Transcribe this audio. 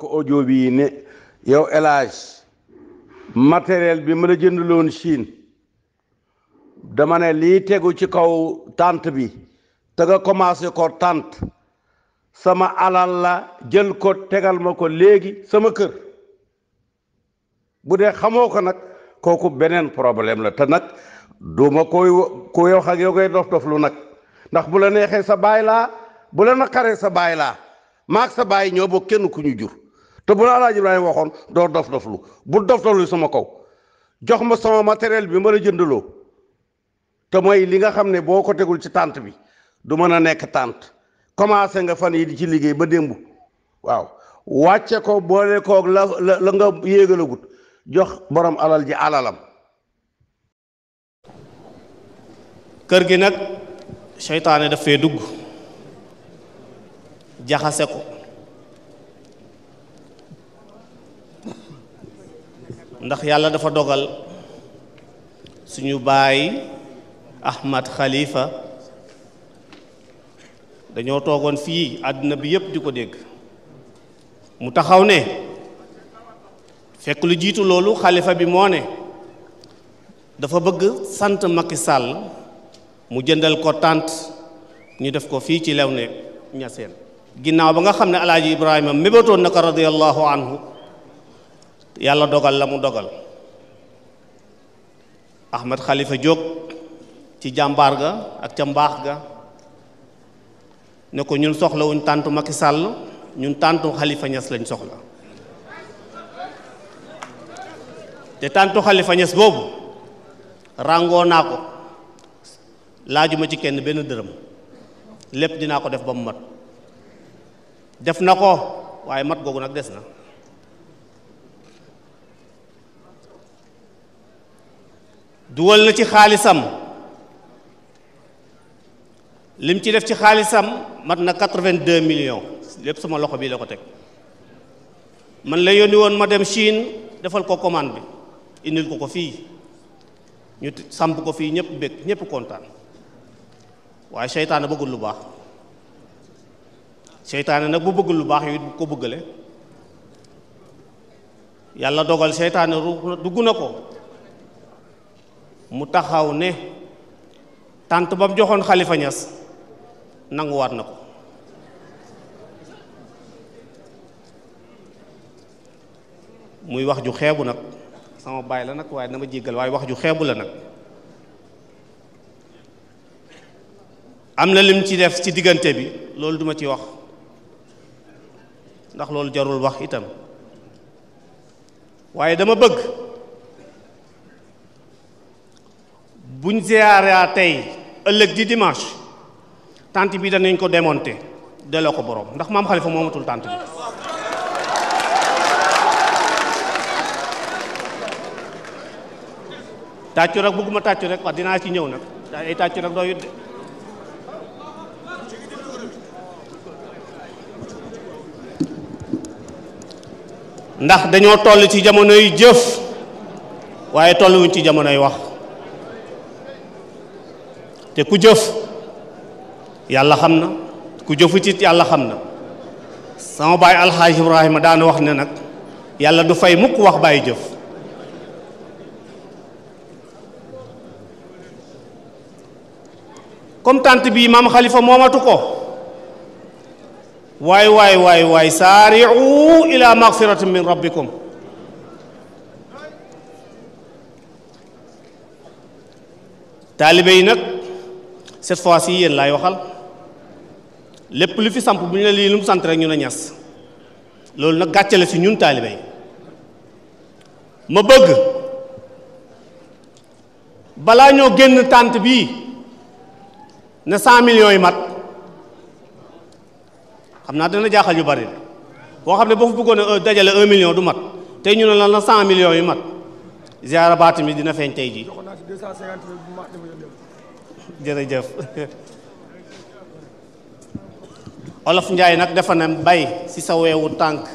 ko audio bii ne yow El Hadj bi mën a la loon Chine dama ne lii tegu ci kaw tànt bi te nga commencé ko tànt sama alal la jël ko tegal ma ko léegi sama kër bu dee xamoo ko nag kooku beneen problème la te nag du ma koy ku yow xak yow koy dof dof lu nag ndax bu la neexee sa baay laa bu la kare sa baay laa maag sa baay ñoo bokk kenn ku ñu jur te bu la Alaaji Ibrahima waxoon doo dof doflu bu dof doflu sama kaw jox ma sama matériel bi ma la jëndaloo te mooy li nga xam ne boo ko degul ci tànt bi du mën a nekk tànt commencé nga fan yi di ci liggéey ba démb waaw wàcce ko boole koog la la nga yéegalagut jox borom alal ji alalam kër gi nag seytaane daf fee dugg jaxase ko ndax yàlla dafa dogal suñu baay Ahmad Khalifa dañoo toogoon fii àddina bi yépp di ko dégg mu taxaw ne fekk lu jiitu loolu xalifa bi moo ne dafa bëgg sant Macky sàll mu jëndal ko tànt ñu def ko fii ci Léona Niassène ginnaaw ba nga xam ne alaaji Ibrahima mébatoon na ko radiyallahu anhu yàlla dogal la mu dogal Ahmed xalifa jóg ci jàmbaar ga ak ca mbaax ga ne ko ñun soxlawuñ tàntu Macky sàll ñun tàntu Khalifa Niass lañ soxla te tàntu Khalifa Niass boobu ràngoo naa ko laajuma ci kenn benn dërëm lépp dinaa ko def ba mu mat def na ko waaye mat googu nag des na duwal na ci xaalisam lim ci def ci xaalisam mat na quatre-vingt-deux millions lépp suma loxo bii la ko teg man la yónni woon ma dem Chine defal ko commande bi indil ko ko fii ñu samp ko fii ñëpp bég ñëpp kontaan waaye seytaane bëggul lu baax seytaane nag bu bëggul lu baax yu ko bëggale yàlla dogal seytaane ru dugg na ko mu taxaw ne tànt ba mu joxoon xalifa ñas nanguwaat na ko muy wax ju xeebu nag sama baay la nag waaye dama jéggal waaye wax ju xeebu la nag am na lim ci def ci diggante bi loolu duma ci wax ndax loolu jarul wax itam waaye dama bëgg buñ ziyaara tey ëllëg di dimanche tant bi danañ ko démonter delloo ko borom ndax maam xalifa moomatul tant bi tàccu rek bëgguma tàccu rek wax dinaa ci ñëw nag ay tàccu rek dooyut de ndax dañoo toll ci jamonoy jëf waaye tolluwuñ ci jamonoy wax te ku jëf yàlla xam na ku jëfu ci yàlla xam na sama baay alxaaj ibrahima daana wax ne nag yàlla du fay mukk wax bàyyi jëf comme tant bii maam xalifa moomatu ko waay waay waay waay saari'u ila magfiratin min rabbikum taalibe nag cette fois si yéen laay waxal lépp lu fi samp bu ñu la lii lu mu sant rek ñu ne ñas loolu nag gàcce si ñun taalibe ma bëgg balaa ñoo génn tànt bii ne cent million yu mat xam naa dana jaaxal yu bari boo xam ne boo fa bëggoon euh, dajale un million du mat tey ñu ne la na cent millions yi mat ziara baat mi dina feeñ tey jii jërëjëf olof njaay nag dafa ne bay ci sa weewu tànk